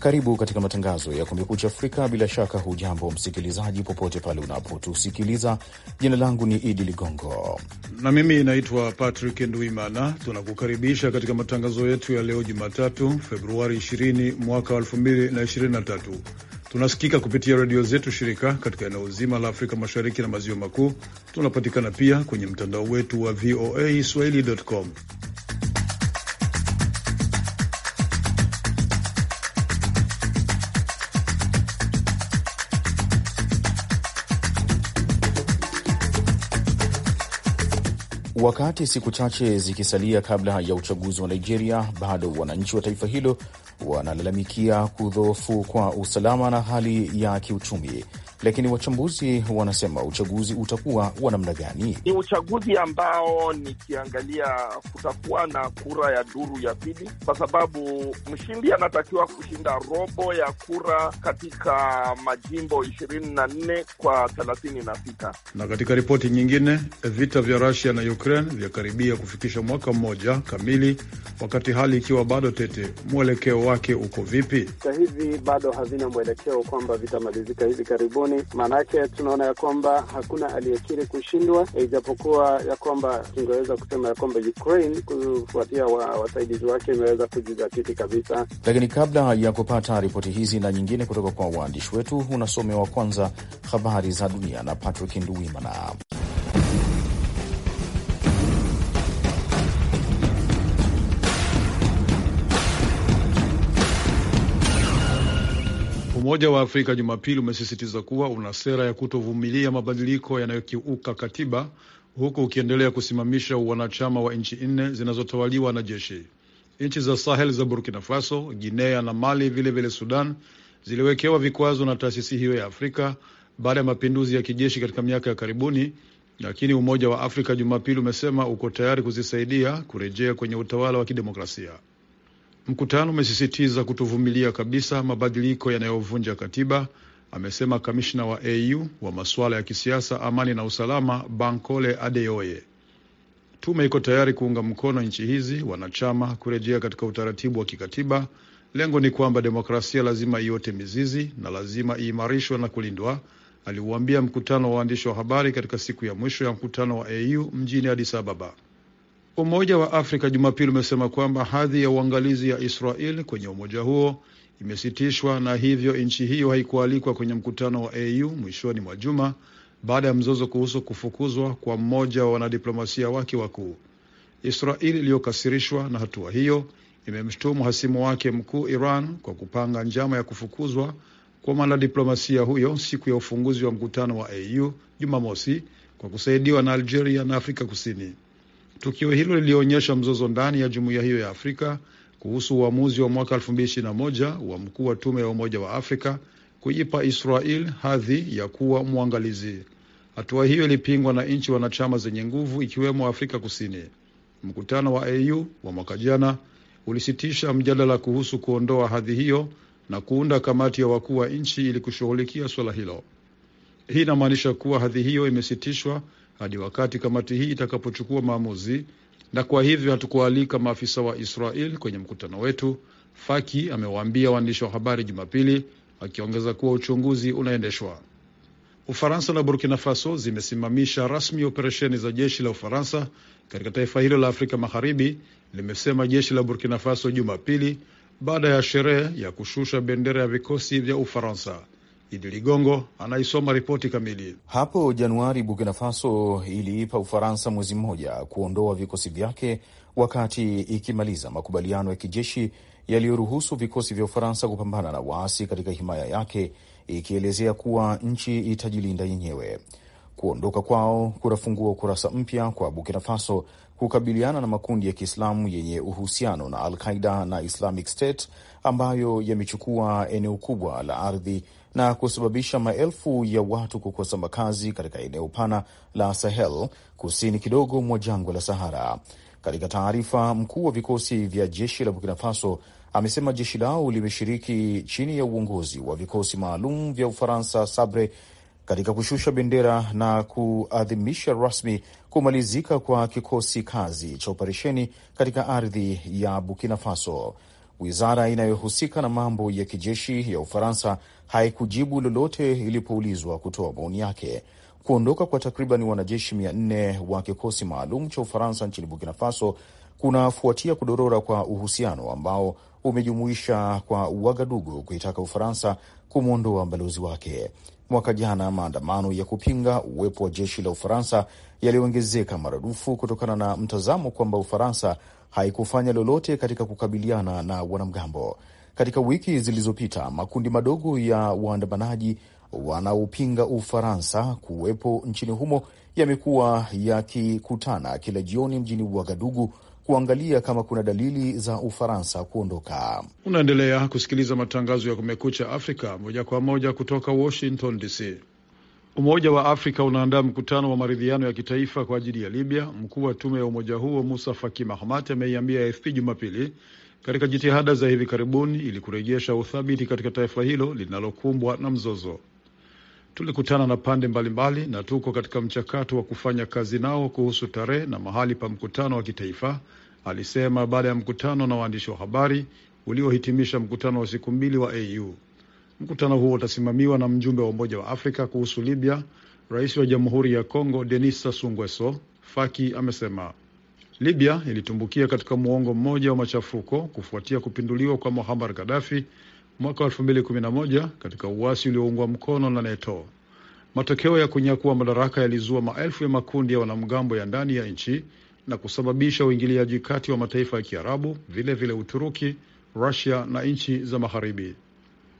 Karibu katika matangazo ya Kumekucha Afrika. Bila shaka, hujambo msikilizaji, popote pale unapotusikiliza. Jina langu ni Idi Ligongo na mimi naitwa Patrick nduimana Tunakukaribisha katika matangazo yetu ya leo Jumatatu, Februari 20 mwaka 2023. Tunasikika kupitia redio zetu shirika katika eneo zima la Afrika Mashariki na Maziwa Makuu. Tunapatikana pia kwenye mtandao wetu wa VOA swahili.com. Wakati siku chache zikisalia kabla ya uchaguzi wa Nigeria, bado wananchi wa taifa hilo wanalalamikia kudhoofu kwa usalama na hali ya kiuchumi lakini wachambuzi wanasema uchaguzi utakuwa wa namna gani? Ni uchaguzi ambao nikiangalia kutakuwa na kura ya duru ya pili, kwa sababu mshindi anatakiwa kushinda robo ya kura katika majimbo ishirini na nne kwa thelathini na sita. Na katika ripoti nyingine, vita vya Rusia na Ukraine vyakaribia kufikisha mwaka mmoja kamili, wakati hali ikiwa bado tete. Mwelekeo wake uko vipi? hivi bado havina mwelekeo kwamba vitamalizika hivi karibuni maoni, maanake tunaona ya kwamba hakuna aliyekiri kushindwa, ijapokuwa ya kwamba tungeweza kusema ya kwamba Ukraine kufuatia wa, wasaidizi wake imeweza kujizatiti kabisa. Lakini kabla ya kupata ripoti hizi na nyingine kutoka kwa waandishi wetu, unasomewa kwanza habari za dunia na Patrick Nduwimana. Umoja wa Afrika Jumapili umesisitiza kuwa una sera ya kutovumilia mabadiliko yanayokiuka katiba huku ukiendelea kusimamisha wanachama wa nchi nne zinazotawaliwa na jeshi. Nchi za Sahel za Burkina Faso, Guinea na Mali, vilevile vile Sudan ziliwekewa vikwazo na taasisi hiyo ya Afrika baada ya mapinduzi ya kijeshi katika miaka ya karibuni, lakini Umoja wa Afrika Jumapili umesema uko tayari kuzisaidia kurejea kwenye utawala wa kidemokrasia. Mkutano umesisitiza kutovumilia kabisa mabadiliko yanayovunja katiba, amesema kamishna wa AU wa masuala ya kisiasa, amani na usalama, Bankole Adeoye. Tume iko tayari kuunga mkono nchi hizi wanachama kurejea katika utaratibu wa kikatiba. Lengo ni kwamba demokrasia lazima iote mizizi na lazima iimarishwe na kulindwa, aliuambia mkutano wa waandishi wa habari katika siku ya mwisho ya mkutano wa AU mjini Addis Ababa. Umoja wa Afrika Jumapili umesema kwamba hadhi ya uangalizi ya Israel kwenye umoja huo imesitishwa na hivyo nchi hiyo haikualikwa kwenye mkutano wa AU mwishoni mwa juma baada ya mzozo kuhusu kufukuzwa kwa mmoja wa wanadiplomasia wake wakuu. Israel iliyokasirishwa na hatua hiyo imemshutumu hasimu wake mkuu Iran kwa kupanga njama ya kufukuzwa kwa mwanadiplomasia huyo siku ya ufunguzi wa mkutano wa AU Jumamosi kwa kusaidiwa na Algeria na Afrika Kusini. Tukio hilo lilionyesha mzozo ndani ya jumuiya hiyo ya Afrika kuhusu uamuzi wa mwaka 2021 wa mkuu wa tume ya Umoja wa Afrika kuipa Israel hadhi ya kuwa mwangalizi. Hatua hiyo ilipingwa na nchi wanachama zenye nguvu ikiwemo Afrika Kusini. Mkutano wa AU wa mwaka jana ulisitisha mjadala kuhusu kuondoa hadhi hiyo na kuunda kamati ya wakuu wa nchi ili kushughulikia swala hilo. Hii inamaanisha kuwa hadhi hiyo imesitishwa hadi wakati kamati hii itakapochukua maamuzi, na kwa hivyo hatukualika maafisa wa Israel kwenye mkutano wetu, Faki amewaambia waandishi wa habari Jumapili, akiongeza kuwa uchunguzi unaendeshwa. Ufaransa na Burkina Faso zimesimamisha rasmi operesheni za jeshi la Ufaransa katika taifa hilo la Afrika Magharibi, limesema jeshi la Burkina Faso Jumapili, baada ya sherehe ya kushusha bendera ya vikosi vya Ufaransa. Idi Ligongo anaisoma ripoti kamili. Hapo Januari, Burkina Faso iliipa Ufaransa mwezi mmoja kuondoa vikosi vyake wakati ikimaliza makubaliano ya kijeshi yaliyoruhusu vikosi vya Ufaransa kupambana na waasi katika himaya yake, ikielezea kuwa nchi itajilinda yenyewe. Kuondoka kwao kunafungua ukurasa mpya kwa Burkina Faso kukabiliana na makundi ya Kiislamu yenye uhusiano na Al-Qaida na Islamic State ambayo yamechukua eneo kubwa la ardhi na kusababisha maelfu ya watu kukosa makazi katika eneo pana la Sahel kusini kidogo mwa jangwa la Sahara. Katika taarifa, mkuu wa vikosi vya jeshi la Burkina Faso amesema jeshi lao limeshiriki chini ya uongozi wa vikosi maalum vya Ufaransa Sabre katika kushusha bendera na kuadhimisha rasmi kumalizika kwa kikosi kazi cha operesheni katika ardhi ya Burkina Faso. Wizara inayohusika na mambo ya kijeshi ya Ufaransa haikujibu lolote ilipoulizwa kutoa maoni yake. Kuondoka kwa takriban wanajeshi mia nne wa kikosi maalum cha Ufaransa nchini Burkina Faso kunafuatia kudorora kwa uhusiano ambao umejumuisha kwa Wagadugu kuitaka Ufaransa kumwondoa balozi wake. Mwaka jana maandamano ya kupinga uwepo wa jeshi la Ufaransa yaliyoongezeka maradufu kutokana na mtazamo kwamba Ufaransa haikufanya lolote katika kukabiliana na wanamgambo. Katika wiki zilizopita, makundi madogo ya waandamanaji wanaopinga Ufaransa kuwepo nchini humo yamekuwa yakikutana kila jioni mjini Wagadugu kuangalia kama kuna dalili za Ufaransa kuondoka. Unaendelea kusikiliza matangazo ya Kumekucha Afrika moja kwa moja kutoka Washington DC. Umoja wa Afrika unaandaa mkutano wa maridhiano ya kitaifa kwa ajili ya Libya. Mkuu wa tume ya umoja huo Musa Faki Mahamat ameiambia AFP Jumapili katika jitihada za hivi karibuni ili kurejesha uthabiti katika taifa hilo linalokumbwa na mzozo. Tulikutana na pande mbalimbali na tuko katika mchakato wa kufanya kazi nao kuhusu tarehe na mahali pa mkutano wa kitaifa, alisema baada ya mkutano na waandishi wa habari uliohitimisha mkutano wa siku mbili wa AU. Mkutano huo utasimamiwa na mjumbe wa Umoja wa Afrika kuhusu Libya, Rais wa Jamhuri ya Kongo Denis Sassou Nguesso. Faki amesema Libya ilitumbukia katika muongo mmoja wa machafuko kufuatia kupinduliwa kwa muhamar Gaddafi mwaka 2011 katika uasi ulioungwa mkono na NATO. Matokeo ya kunyakua madaraka yalizua maelfu ya makundi ya wanamgambo ya ndani ya nchi na kusababisha uingiliaji kati wa mataifa ya Kiarabu, vile vile Uturuki, Rusia na nchi za Magharibi.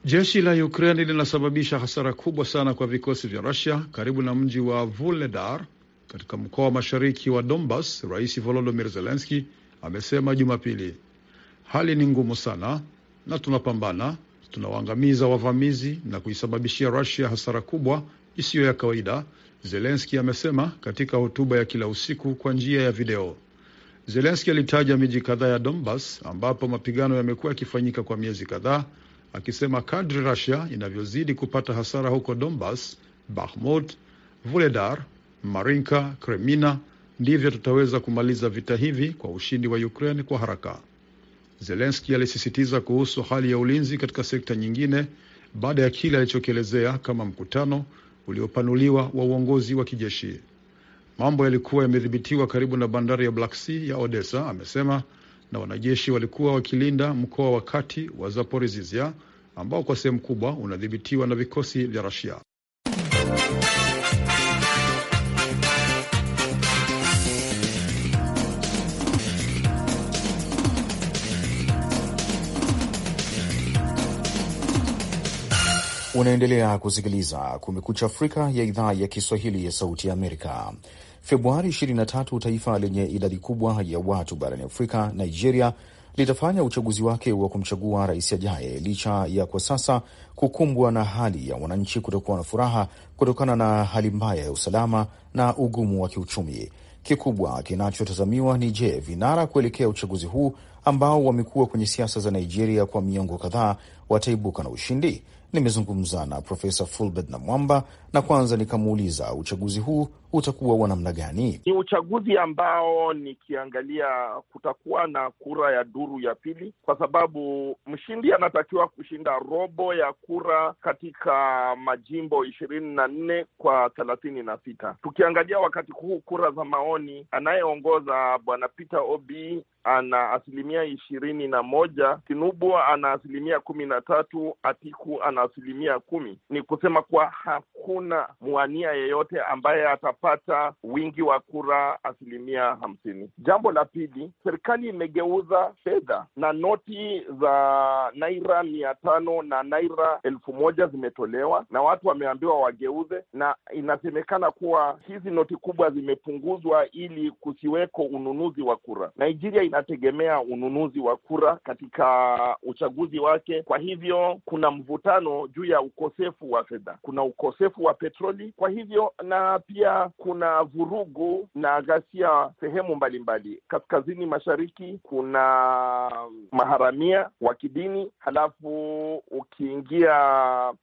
Jeshi la Ukraine linasababisha hasara kubwa sana kwa vikosi vya Rusia karibu na mji wa Vuledar katika mkoa wa mashariki wa Donbas. Rais Volodymyr Zelenski amesema Jumapili, hali ni ngumu sana na tunapambana, tunawaangamiza wavamizi na kuisababishia Rusia hasara kubwa isiyo ya kawaida, Zelenski amesema katika hotuba ya kila usiku kwa njia ya video. Zelenski alitaja miji kadhaa ya Donbas ambapo mapigano yamekuwa yakifanyika kwa miezi kadhaa, akisema kadri Rusia inavyozidi kupata hasara huko Donbas, Bahmut, Vuledar, Marinka, Kremina, ndivyo tutaweza kumaliza vita hivi kwa ushindi wa Ukraine kwa haraka. Zelenski alisisitiza kuhusu hali ya ulinzi katika sekta nyingine baada ya kile alichokielezea kama mkutano uliopanuliwa wa uongozi wa kijeshi. Mambo yalikuwa yamedhibitiwa karibu na bandari ya Black Sea ya Odessa, amesema, na wanajeshi walikuwa wakilinda mkoa wa kati wa Zaporizhia ambao kwa sehemu kubwa unadhibitiwa na vikosi vya Russia. Unaendelea kusikiliza Kumekucha Afrika ya idhaa ya Kiswahili ya Sauti ya Amerika. Februari 23, taifa lenye idadi kubwa ya watu barani Afrika, Nigeria, litafanya uchaguzi wake wa kumchagua rais ajaye, licha ya kwa sasa kukumbwa na hali ya wananchi kutokuwa na furaha kutokana na hali mbaya ya usalama na ugumu wa kiuchumi. Kikubwa kinachotazamiwa ni je, vinara kuelekea uchaguzi huu ambao wamekuwa kwenye siasa za Nigeria kwa miongo kadhaa wataibuka na ushindi? Nimezungumza na Profesa Fulbert Mwamba na kwanza nikamuuliza uchaguzi huu utakuwa wa namna gani? Ni uchaguzi ambao nikiangalia kutakuwa na kura ya duru ya pili, kwa sababu mshindi anatakiwa kushinda robo ya kura katika majimbo ishirini na nne kwa thelathini na sita. Tukiangalia wakati huu kura za maoni, anayeongoza bwana Peter Obi ana asilimia ishirini na moja, Tinubu ana asilimia kumi na tatu, Atiku ana asilimia kumi. Ni kusema kuwa hakuna hakuna mwania yeyote ambaye atapata wingi wa kura asilimia hamsini. Jambo la pili, serikali imegeuza fedha na noti za naira mia tano na naira elfu moja zimetolewa na watu wameambiwa wageuze, na inasemekana kuwa hizi noti kubwa zimepunguzwa ili kusiweko ununuzi wa kura. Nigeria inategemea ununuzi wa kura katika uchaguzi wake, kwa hivyo kuna mvutano juu ya ukosefu wa fedha, kuna ukosefu wa petroli. Kwa hivyo, na pia kuna vurugu na ghasia sehemu mbalimbali. Kaskazini mashariki kuna maharamia wa kidini, halafu ukiingia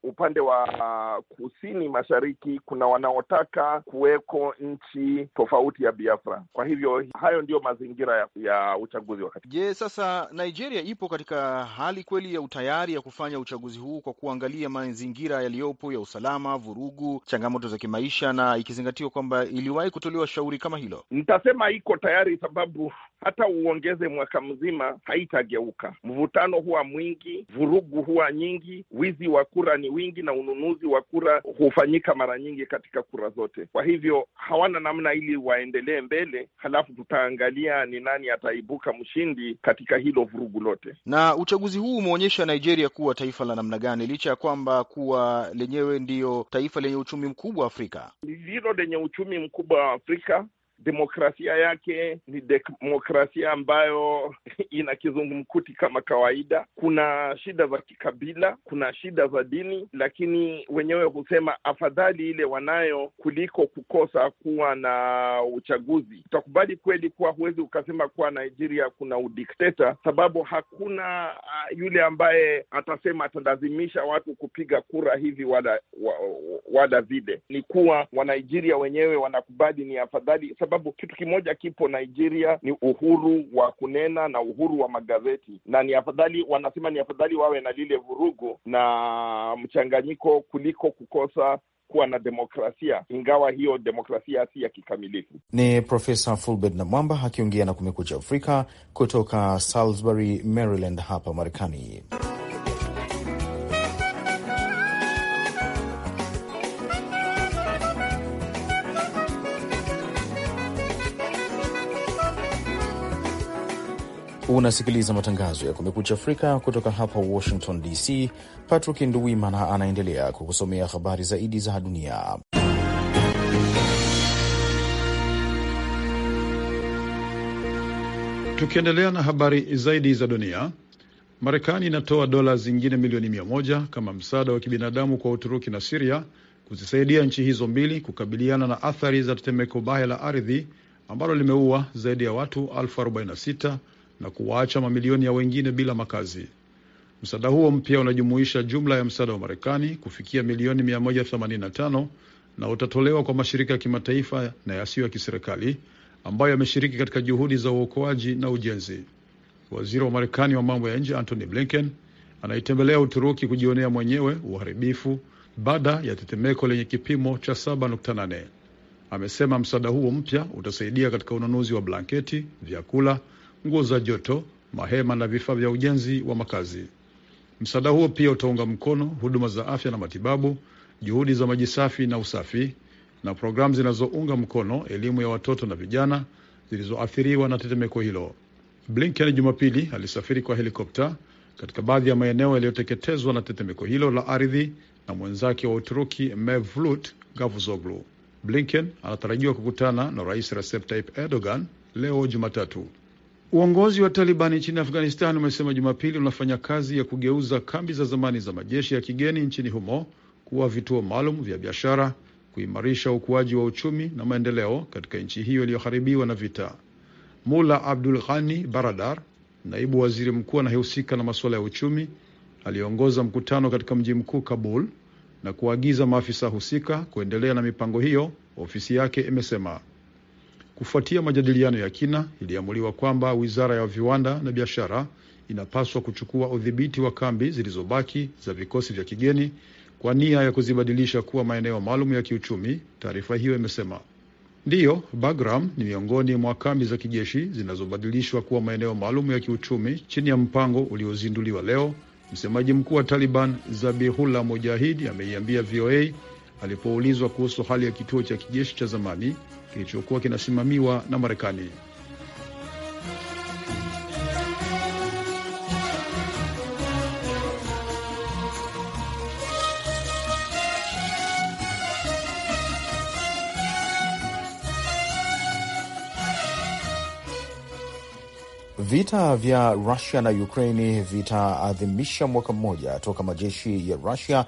upande wa kusini mashariki kuna wanaotaka kuweko nchi tofauti ya Biafra. Kwa hivyo, hayo ndiyo mazingira ya, ya uchaguzi wakati. Je, sasa Nigeria ipo katika hali kweli ya utayari ya kufanya uchaguzi huu kwa kuangalia mazingira yaliyopo ya usalama, vurugu udugu, changamoto za kimaisha, na ikizingatiwa kwamba iliwahi kutolewa shauri kama hilo? Nitasema iko tayari, sababu hata uongeze mwaka mzima haitageuka. Mvutano huwa mwingi, vurugu huwa nyingi, wizi wa kura ni wingi, na ununuzi wa kura hufanyika mara nyingi katika kura zote. Kwa hivyo hawana namna ili waendelee mbele, halafu tutaangalia ni nani ataibuka mshindi katika hilo vurugu lote. Na uchaguzi huu umeonyesha Nigeria kuwa taifa la namna gani, licha ya kwamba kuwa lenyewe ndiyo taifa lenye uchumi mkubwa Afrika? Ndilo lenye uchumi mkubwa wa Afrika demokrasia yake ni demokrasia ambayo ina kizungumkuti kama kawaida. Kuna shida za kikabila, kuna shida za dini, lakini wenyewe husema afadhali ile wanayo kuliko kukosa kuwa na uchaguzi. Utakubali kweli kuwa huwezi ukasema kuwa Nigeria kuna udikteta, sababu hakuna uh, yule ambaye atasema atalazimisha watu kupiga kura hivi wala, wala vile. Ni kuwa Wanigeria wenyewe wanakubali ni afadhali sababu kitu kimoja kipo Nigeria ni uhuru wa kunena na uhuru wa magazeti, na ni afadhali, wanasema ni afadhali wawe na lile vurugu na mchanganyiko kuliko kukosa kuwa na demokrasia, ingawa hiyo demokrasia si ya kikamilifu. Ni Profesa Fulbert na Mwamba akiongea na Kumekucha Afrika kutoka Salisbury, Maryland hapa Marekani. Unasikiliza matangazo ya Kumekucha Afrika kutoka hapa Washington DC. Patrick Nduwimana anaendelea kukusomea habari zaidi za dunia. Tukiendelea na habari zaidi za dunia, Marekani inatoa dola zingine milioni 1 kama msaada wa kibinadamu kwa Uturuki na Siria kuzisaidia nchi hizo mbili kukabiliana na athari za tetemeko baya la ardhi ambalo limeua zaidi ya watu 46 na kuwaacha mamilioni ya wengine bila makazi. Msaada huo mpya unajumuisha jumla ya msaada wa Marekani kufikia milioni 185 na utatolewa kwa mashirika ya kimataifa na yasiyo ya kiserikali ambayo yameshiriki katika juhudi za uokoaji na ujenzi. Waziri wa Marekani wa mambo ya nje Antony Blinken anaitembelea Uturuki kujionea mwenyewe uharibifu baada ya tetemeko lenye kipimo cha 7.8. Amesema msaada huo mpya utasaidia katika ununuzi wa blanketi, vyakula nguo za joto, mahema na vifaa vya ujenzi wa makazi. Msaada huo pia utaunga mkono huduma za afya na matibabu, juhudi za maji safi na usafi, na programu zinazounga mkono elimu ya watoto na vijana zilizoathiriwa na tetemeko hilo. Blinken Jumapili alisafiri kwa helikopta katika baadhi ya maeneo yaliyoteketezwa na tetemeko hilo la ardhi na mwenzake wa Uturuki Mevlut Gavuzoglu. Blinken anatarajiwa kukutana na Rais Recep Tayyip Erdogan leo Jumatatu. Uongozi wa Talibani nchini Afghanistan umesema Jumapili unafanya kazi ya kugeuza kambi za zamani za majeshi ya kigeni nchini humo kuwa vituo maalum vya biashara, kuimarisha ukuaji wa uchumi na maendeleo katika nchi hiyo iliyoharibiwa na vita. Mula Abdul Ghani Baradar, naibu waziri mkuu anayehusika na masuala ya uchumi, aliongoza mkutano katika mji mkuu Kabul na kuagiza maafisa husika kuendelea na mipango hiyo, ofisi yake imesema. Kufuatia majadiliano ya kina, iliamuliwa kwamba wizara ya viwanda na biashara inapaswa kuchukua udhibiti wa kambi zilizobaki za vikosi vya kigeni kwa nia ya kuzibadilisha kuwa maeneo maalum ya kiuchumi, taarifa hiyo imesema. Ndiyo, Bagram ni miongoni mwa kambi za kijeshi zinazobadilishwa kuwa maeneo maalum ya kiuchumi chini ya mpango uliozinduliwa leo, msemaji mkuu wa Taliban Zabihullah Mujahidi ameiambia VOA alipoulizwa kuhusu hali ya kituo cha kijeshi cha zamani kilichokuwa kinasimamiwa na Marekani. Vita vya Rusia na Ukraini vitaadhimisha mwaka mmoja toka majeshi ya Rusia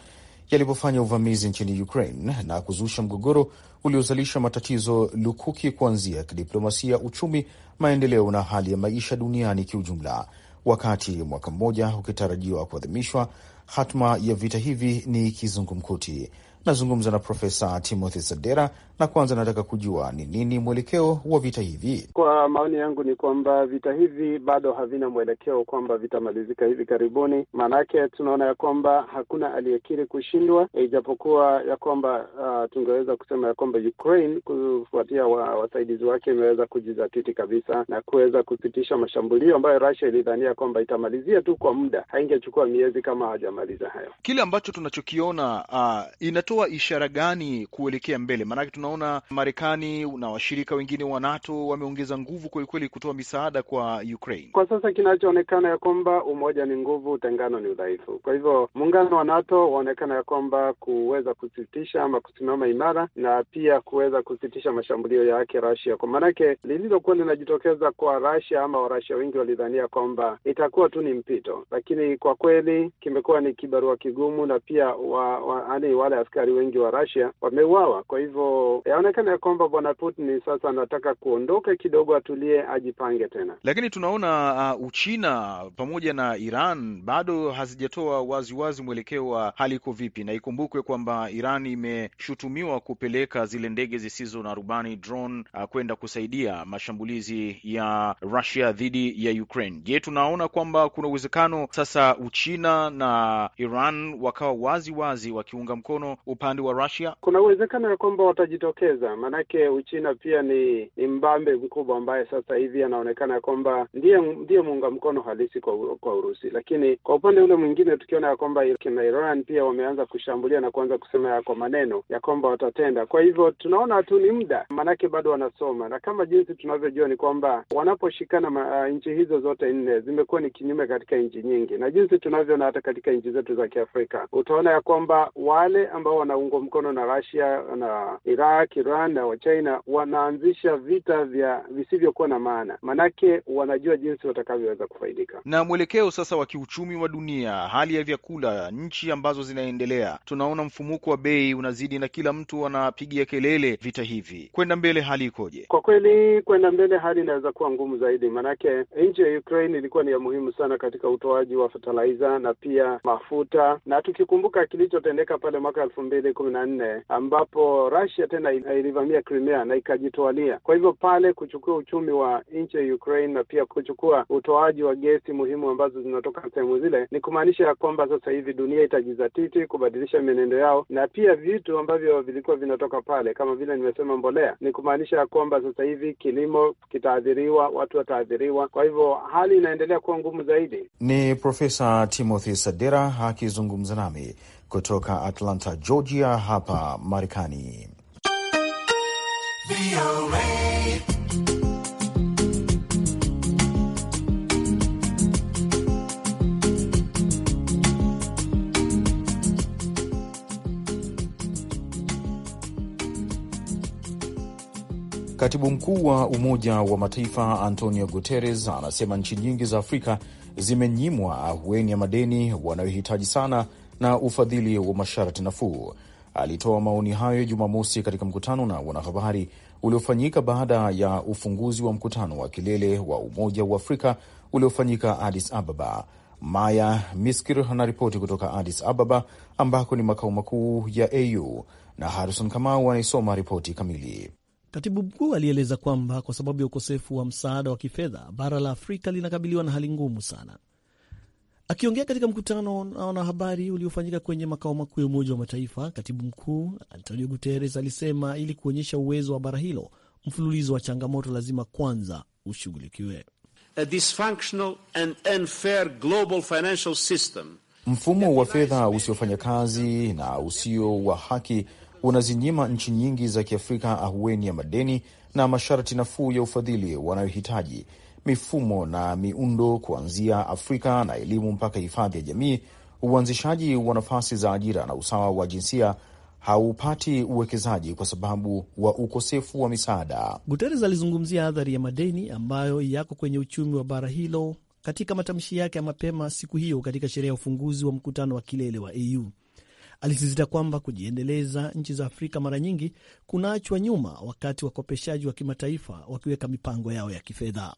yalivyofanya uvamizi nchini Ukraine na kuzusha mgogoro uliozalisha matatizo lukuki kuanzia kidiplomasia, uchumi, maendeleo na hali ya maisha duniani kiujumla. Wakati mwaka mmoja ukitarajiwa kuadhimishwa, hatma ya vita hivi ni kizungumkuti. Nazungumza na Profesa Timothy Sadera, na kwanza nataka kujua ni nini mwelekeo wa vita hivi. Kwa maoni yangu ni kwamba vita hivi bado havina mwelekeo kwamba vitamalizika hivi karibuni, maanake tunaona ya kwamba hakuna aliyekiri kushindwa, ijapokuwa ya kwamba uh, tungeweza kusema ya kwamba Ukraine kufuatia wa, wasaidizi wake imeweza kujizatiti kabisa na kuweza kupitisha mashambulio ambayo Russia ilidhania kwamba itamalizia tu kwa muda, haingechukua miezi kama hawajamaliza hayo. Kile ambacho tunachokiona uh, inatoa inatoa ishara gani kuelekea mbele? Maanake tunaona Marekani na washirika wengine wa NATO wameongeza nguvu kwelikweli kutoa misaada kwa Ukraine. Kwa sasa kinachoonekana ya kwamba umoja ni nguvu, utengano ni udhaifu. Kwa hivyo muungano wa NATO waonekana ya kwamba kuweza kusitisha ama kusimama imara na pia kuweza kusitisha mashambulio yake Russia, kwa maanake lililokuwa linajitokeza kwa Russia ama Warusia wengi walidhania kwamba itakuwa tu ni mpito, lakini kwa kweli kimekuwa ni kibarua kigumu, na pia wa, wa, wale askari wengi wa Russia wameuawa. Kwa hivyo yaonekana ya kwamba bwana Putin sasa anataka kuondoka kidogo, atulie, ajipange tena. Lakini tunaona uh, Uchina pamoja na Iran bado hazijatoa waziwazi mwelekeo wa hali iko vipi, na ikumbukwe kwamba Iran imeshutumiwa kupeleka zile ndege zisizo na rubani drone, uh, kwenda kusaidia mashambulizi ya Russia dhidi ya Ukraine. Je, tunaona kwamba kuna uwezekano sasa Uchina na Iran wakawa waziwazi wakiunga mkono upande wa Russia? Kuna uwezekano ya kwamba watajitokeza, maanake Uchina pia ni, ni mbambe mkubwa ambaye sasa hivi anaonekana ya kwamba ndiye ndiye muunga mkono halisi kwa, kwa Urusi. Lakini kwa upande ule mwingine tukiona ya kwamba na Iran pia wameanza kushambulia na kuanza kusema ya kwa maneno ya kwamba watatenda. Kwa hivyo tunaona tu ni muda, maanake bado wanasoma, na kama jinsi tunavyojua ni kwamba wanaposhikana uh, nchi hizo zote nne zimekuwa ni kinyume katika nchi nyingi, na jinsi tunavyoona hata katika nchi zetu za Kiafrika utaona ya kwamba wale ambao ambao wanaungwa mkono na Russia na Iraq, Iran na Wachina wanaanzisha vita vya visivyokuwa na maana, manake wanajua jinsi watakavyoweza kufaidika na mwelekeo sasa wa kiuchumi wa dunia, hali ya vyakula, nchi ambazo zinaendelea, tunaona mfumuko wa bei unazidi na kila mtu anapigia kelele vita hivi. Kwenda mbele hali ikoje? Kwa kweli, kwenda mbele hali inaweza kuwa ngumu zaidi, manake nchi ya Ukraine ilikuwa ni ya muhimu sana katika utoaji wa fertilizer na pia mafuta, na tukikumbuka kilichotendeka pale mwaka elfu mbili kumi na nne ambapo Russia tena ilivamia Crimea na ikajitwalia. Kwa hivyo pale kuchukua uchumi wa nchi ya Ukraine na pia kuchukua utoaji wa gesi muhimu ambazo zinatoka sehemu zile, ni kumaanisha ya kwamba sasa hivi dunia itajizatiti kubadilisha mienendo yao, na pia vitu ambavyo vilikuwa vinatoka pale kama vile nimesema, mbolea, ni kumaanisha ya kwamba sasa hivi kilimo kitaathiriwa, watu wataathiriwa. Kwa hivyo hali inaendelea kuwa ngumu zaidi. Ni Profesa Timothy Sadera akizungumza nami kutoka Atlanta, Georgia, hapa Marekani. Katibu mkuu wa Umoja wa Mataifa Antonio Guterres anasema nchi nyingi za Afrika zimenyimwa ahueni ya madeni wanayohitaji sana na ufadhili wa masharti nafuu. Alitoa maoni hayo Jumamosi katika mkutano na wanahabari uliofanyika baada ya ufunguzi wa mkutano wa kilele wa Umoja wa Afrika uliofanyika Addis Ababa. Maya Miskir anaripoti kutoka Addis Ababa ambako ni makao makuu ya AU na Harrison Kamau anaisoma ripoti kamili. Katibu mkuu alieleza kwamba kwa sababu ya ukosefu wa msaada wa kifedha, bara la Afrika linakabiliwa na hali ngumu sana. Akiongea katika mkutano na wanahabari uliofanyika kwenye makao makuu ya Umoja wa Mataifa, katibu mkuu Antonio Guterres alisema ili kuonyesha uwezo wa bara hilo, mfululizo wa changamoto lazima kwanza ushughulikiwe. Mfumo wa fedha usiofanya kazi na usio wa haki unazinyima nchi nyingi za Kiafrika ahueni ya madeni na masharti nafuu ya ufadhili wanayohitaji mifumo na miundo kuanzia Afrika na elimu mpaka hifadhi ya jamii. Uanzishaji wa nafasi za ajira na usawa wa jinsia haupati uwekezaji kwa sababu wa ukosefu wa misaada. Guterres alizungumzia athari ya madeni ambayo yako kwenye uchumi wa bara hilo katika matamshi yake ya mapema siku hiyo katika sherehe ya ufunguzi wa mkutano wa kilele wa AU. Alisisitiza kwamba kujiendeleza nchi za Afrika mara nyingi kunaachwa nyuma wakati wakopeshaji wa kimataifa wakiweka mipango yao ya kifedha.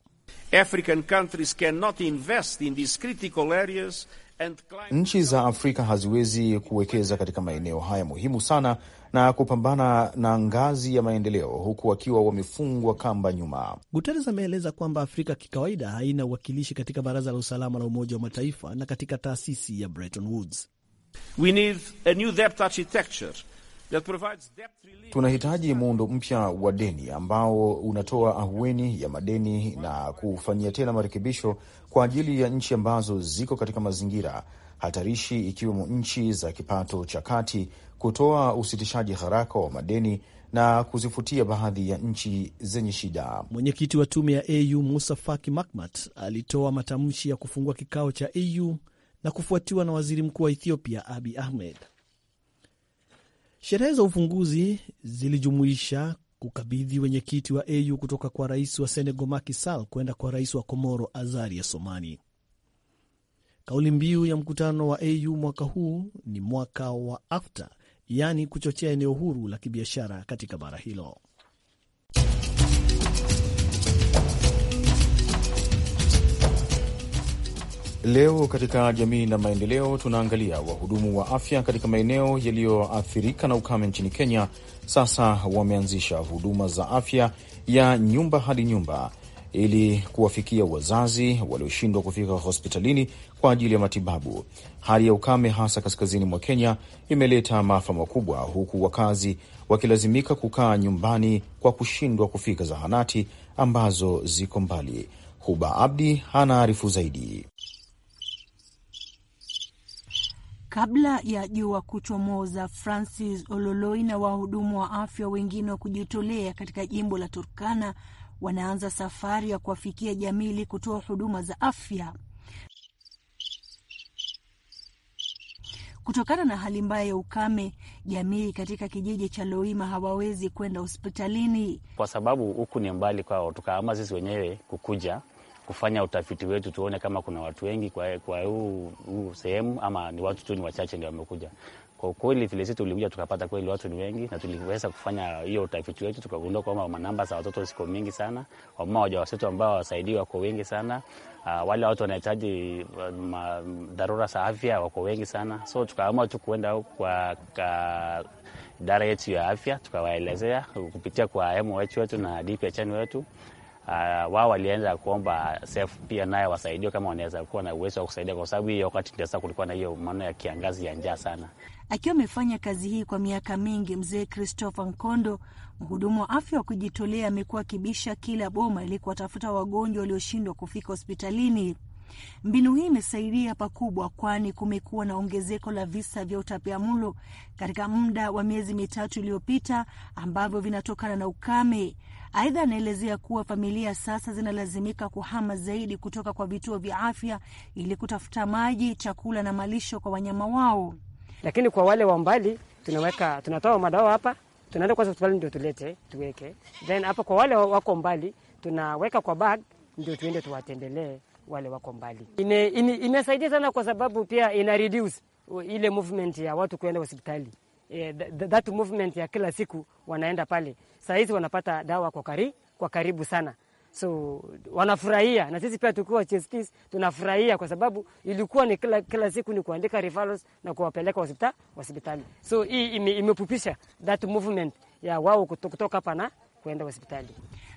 African countries cannot invest in these critical areas and climate... Nchi za Afrika haziwezi kuwekeza katika maeneo haya muhimu sana na kupambana na ngazi ya maendeleo huku wakiwa wamefungwa kamba nyuma. Guterres ameeleza kwamba Afrika kikawaida haina uwakilishi katika Baraza la Usalama la Umoja wa Mataifa na katika taasisi ya Bretton Woods. We need a new debt architecture Tunahitaji muundo mpya wa deni ambao unatoa ahueni ya madeni na kufanyia tena marekebisho kwa ajili ya nchi ambazo ziko katika mazingira hatarishi ikiwemo nchi za kipato cha kati, kutoa usitishaji haraka wa madeni na kuzifutia baadhi ya nchi zenye shida. Mwenyekiti wa tume ya AU Musa Faki Mahamat alitoa matamshi ya kufungua kikao cha AU na kufuatiwa na waziri mkuu wa Ethiopia Abi Ahmed. Sherehe za ufunguzi zilijumuisha kukabidhi wenyekiti wa AU kutoka kwa rais wa Senegal Macky Sall kwenda kwa rais wa Komoro ya Somani. Kauli mbiu ya mkutano wa AU mwaka huu ni mwaka wa afta yaani kuchochea eneo huru la kibiashara katika bara hilo. Leo katika jamii na maendeleo, tunaangalia wahudumu wa afya katika maeneo yaliyoathirika na ukame nchini Kenya. Sasa wameanzisha huduma za afya ya nyumba hadi nyumba ili kuwafikia wazazi walioshindwa kufika hospitalini kwa ajili ya matibabu. Hali ya ukame hasa kaskazini mwa Kenya imeleta maafa makubwa, huku wakazi wakilazimika kukaa nyumbani kwa kushindwa kufika zahanati ambazo ziko mbali. Huba Abdi anaarifu zaidi. Kabla ya jua kuchomoza, Francis Ololoi na wahudumu wa afya wengine wa kujitolea katika jimbo la Turkana wanaanza safari ya kuwafikia jamii ili kutoa huduma za afya. Kutokana na hali mbaya ya ukame, jamii katika kijiji cha Loima hawawezi kwenda hospitalini kwa sababu huku ni mbali kwao. Tukaama sisi wenyewe kukuja kufanya utafiti wetu tuone kama kuna watu wengi kwa, kwa huu, huu sehemu ama ni watu tu ni wachache ndio wamekuja. Kwa kweli vile sisi tulikuja tukapata kweli watu ni wengi, na tuliweza kufanya hiyo utafiti wetu tukagundua kwamba manamba za watoto ziko mingi sana, wamama wajawazito ambao hawasaidii wako wengi sana. Uh, wale watu wanahitaji uh, dharura za afya wako wengi sana, so tukaamua tu kuenda kwa idara yetu ya afya tukawaelezea kupitia kwa MOH wetu na DPHN wetu Ah, wao walianza kuomba sef pia naye wasaidiwe kama wanaweza kuwa na uwezo wa kusaidia, kwa sababu hiyo wakati sasa kulikuwa na hiyo maana ya kiangazi ya njaa sana. Akiwa amefanya kazi hii kwa miaka mingi, mzee Christopher Nkondo, mhudumu wa afya wa kujitolea, amekuwa akibisha kila boma ili kuwatafuta wagonjwa walioshindwa kufika hospitalini. Mbinu hii imesaidia pakubwa, kwani kumekuwa na ongezeko la visa vya utapiamlo katika muda wa miezi mitatu iliyopita, ambavyo vinatokana na ukame. Aidha, anaelezea kuwa familia sasa zinalazimika kuhama zaidi kutoka kwa vituo vya afya ili kutafuta maji, chakula na malisho kwa wanyama wao. Lakini kwa wale wa mbali tunaweka, tunatoa madawa hapa, tunaenda kwa hospitali ndio tulete tuweke, then hapa kwa wale wako mbali tunaweka kwa bag ndio tuende tuwatembelee wale wako mbali. Ine, ine, inasaidia sana kwa sababu pia ina reduce ile movement ya watu kuenda hospitali. Yeah, that movement ya kila siku wanaenda pale sahizi wanapata dawa kwa, kari, kwa karibu sana so wanafurahia na sisi pia tukiwa CHSP tunafurahia kwa sababu ilikuwa ni kila, kila siku ni kuandika referrals na kuwapeleka hospitali hospitali. So hii imepupisha that movement ya wao kutoka hapa na kuenda hospitali.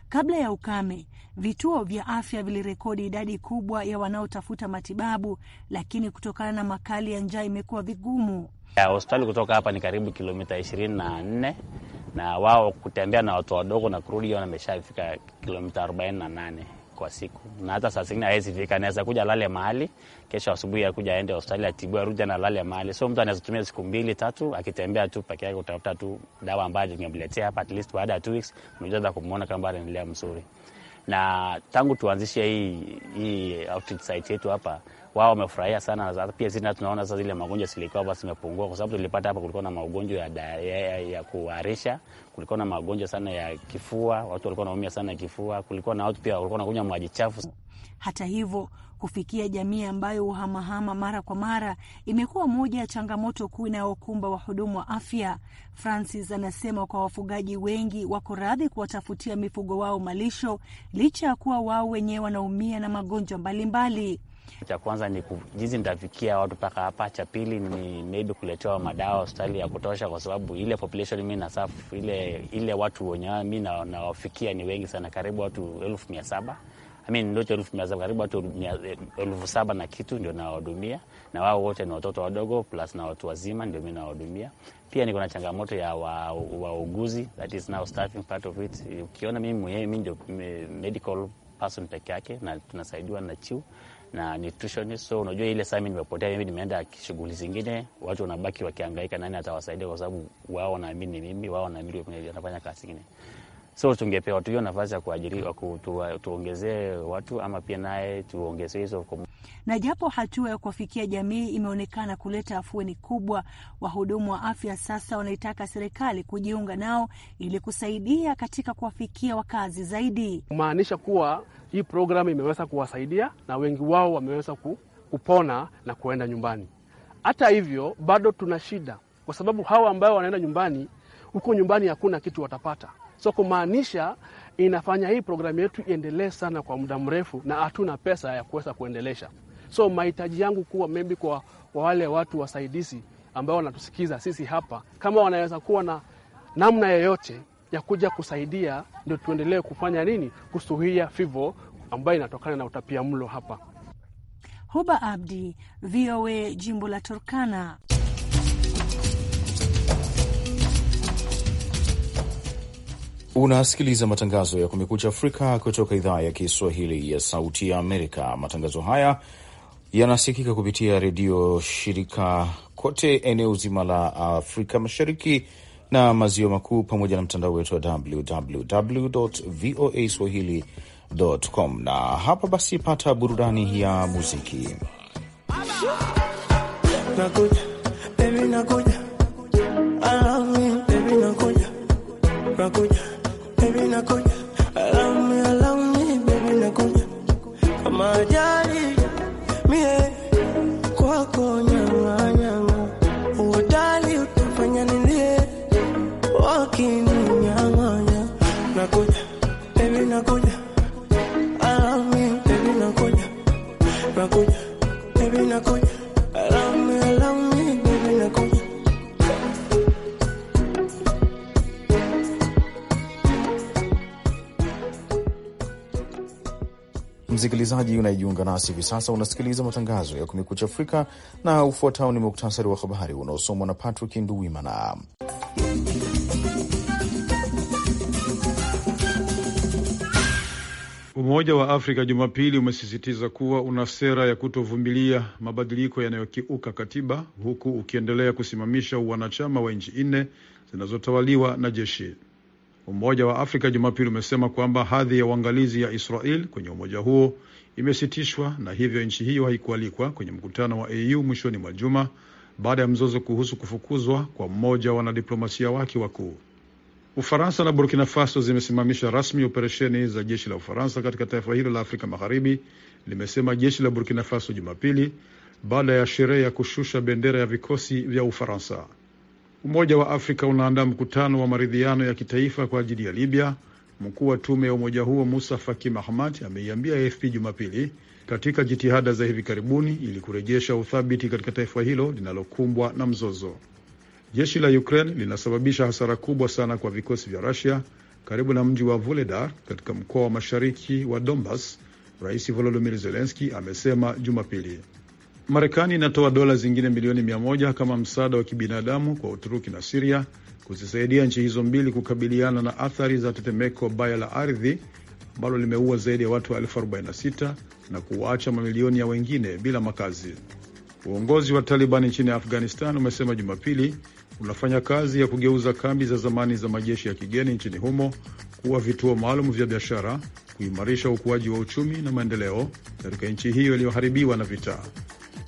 Kabla ya ukame, vituo vya afya vilirekodi idadi kubwa ya wanaotafuta matibabu, lakini kutokana na makali ya njaa imekuwa vigumu. Hospitali kutoka hapa ni karibu kilomita ishirini na nne na wao kutembea na watu wadogo na kurudi, ona ameshafika kilomita 48 kwa siku, na hata saa zingine hawezi fika, anaweza kuja lale mahali, kesho asubuhi akuja aende hospitali atibu, arudi na lale mahali. So mtu anaweza tumia siku mbili tatu akitembea tu peke yake, utafuta tu dawa ambayo ingemletea hapa, at least baada ya 2 weeks unaweza kumuona kama anaendelea mzuri na tangu tuanzishe hii hii outreach site yetu hapa, wao wamefurahia sana. Pia sisi tunaona sasa zile magonjwa zilikuwa basi zimepungua, kwa sababu tulipata hapa kulikuwa na magonjwa ya ya, ya kuharisha, kulikuwa na magonjwa sana ya kifua, watu walikuwa wanaumia sana ya kifua, kulikuwa na watu pia walikuwa wanakunywa maji chafu. Hata hivyo kufikia jamii ambayo uhamahama mara kwa mara imekuwa moja ya changamoto kuu inayokumba wahudumu wa afya. Francis anasema kwa wafugaji wengi wako radhi kuwatafutia mifugo wao malisho licha ya kuwa wao wenyewe wanaumia na magonjwa mbalimbali. Cha kwanza ni jinsi nitafikia watu mpaka hapa. Cha pili ni maybe kuletewa madawa hospitali ya kutosha, kwa sababu ile population mi nasafu ile, ile watu wenyewe mi nawafikia ni wengi sana, karibu watu elfu mia saba I mean, ndio elfu mia saba karibu watu elfu saba na kitu ndio nawahudumia, na wao wote ni watoto wadogo plus na watu wazima, ndio mi nawahudumia. Pia niko na changamoto ya wauguzi wa that is now staffing part of it. Ukiona mimi mwenyewe mi ndio medical person peke yake, na tunasaidiwa na chiu na nutritionist. So unajua ile saa mimi nimepotea, mimi nimeenda shughuli zingine, watu wanabaki wakiangaika, nani atawasaidia? Kwa sababu wao wanaamini mimi, wao wanaamini anafanya kazi zingine so tungepewa hiyo nafasi ya kuajiriwa, tuongezee watu ama pia naye tuongeze hizo. Na japo hatua ya kuwafikia jamii imeonekana kuleta afueni kubwa, wahudumu wa afya sasa wanaitaka serikali kujiunga nao ili kusaidia katika kuwafikia wakazi zaidi, kumaanisha kuwa hii programu imeweza kuwasaidia na wengi wao wameweza kupona na kuenda nyumbani. Hata hivyo bado tuna shida, kwa sababu hawa ambao wanaenda nyumbani, huko nyumbani hakuna kitu watapata so kumaanisha inafanya hii programu yetu iendelee sana kwa muda mrefu, na hatuna pesa ya kuweza kuendelesha. So mahitaji yangu kuwa maybe kwa wale watu wasaidizi ambao wanatusikiza sisi hapa, kama wanaweza kuwa na namna yoyote ya kuja kusaidia, ndio tuendelee kufanya nini, kusuhia fivo ambayo inatokana na utapia mlo hapa. Huba Abdi, VOA, jimbo la Turkana. Unasikiliza matangazo ya Kumekucha Afrika kutoka idhaa ya Kiswahili ya Sauti ya Amerika. Matangazo haya yanasikika kupitia redio shirika kote eneo zima la Afrika Mashariki na Maziwa Makuu, pamoja na mtandao wetu wa www voa swahili.com. Na hapa basi, pata burudani ya muziki Nakuja, baby, nakuja. msikilizaji unayejiunga nasi hivi sasa, unasikiliza matangazo ya Kumekucha Afrika na ufuatao ni muktasari wa habari unaosomwa na Patrick Nduwimana. Umoja wa Afrika Jumapili umesisitiza kuwa una sera ya kutovumilia mabadiliko yanayokiuka katiba huku ukiendelea kusimamisha uwanachama wa nchi nne zinazotawaliwa na jeshi. Umoja wa Afrika Jumapili umesema kwamba hadhi ya uangalizi ya Israel kwenye umoja huo imesitishwa na hivyo nchi hiyo haikualikwa kwenye mkutano wa EU mwishoni mwa juma baada ya mzozo kuhusu kufukuzwa kwa mmoja wa wanadiplomasia wake wakuu. Ufaransa na Burkina Faso zimesimamisha rasmi operesheni za jeshi la Ufaransa katika taifa hilo la Afrika Magharibi, limesema jeshi la Burkina Faso Jumapili baada ya sherehe ya kushusha bendera ya vikosi vya Ufaransa. Umoja wa Afrika unaandaa mkutano wa maridhiano ya kitaifa kwa ajili ya Libya Mkuu wa tume ya umoja huo Musa Faki Mahamat ameiambia AFP Jumapili, katika jitihada za hivi karibuni ili kurejesha uthabiti katika taifa hilo linalokumbwa na mzozo. Jeshi la Ukraine linasababisha hasara kubwa sana kwa vikosi vya Rusia karibu na mji wa Vuledar katika mkoa wa mashariki wa Donbas, Rais volodimir Zelenski amesema Jumapili. Marekani inatoa dola zingine milioni mia moja kama msaada wa kibinadamu kwa Uturuki na Siria kuzisaidia nchi hizo mbili kukabiliana na athari za tetemeko baya la ardhi ambalo limeua zaidi ya watu elfu 46 na kuwaacha mamilioni ya wengine bila makazi. Uongozi wa Taliban nchini Afghanistan umesema Jumapili unafanya kazi ya kugeuza kambi za zamani za majeshi ya kigeni nchini humo kuwa vituo maalum vya biashara, kuimarisha ukuaji wa uchumi na maendeleo katika nchi hiyo iliyoharibiwa na vita.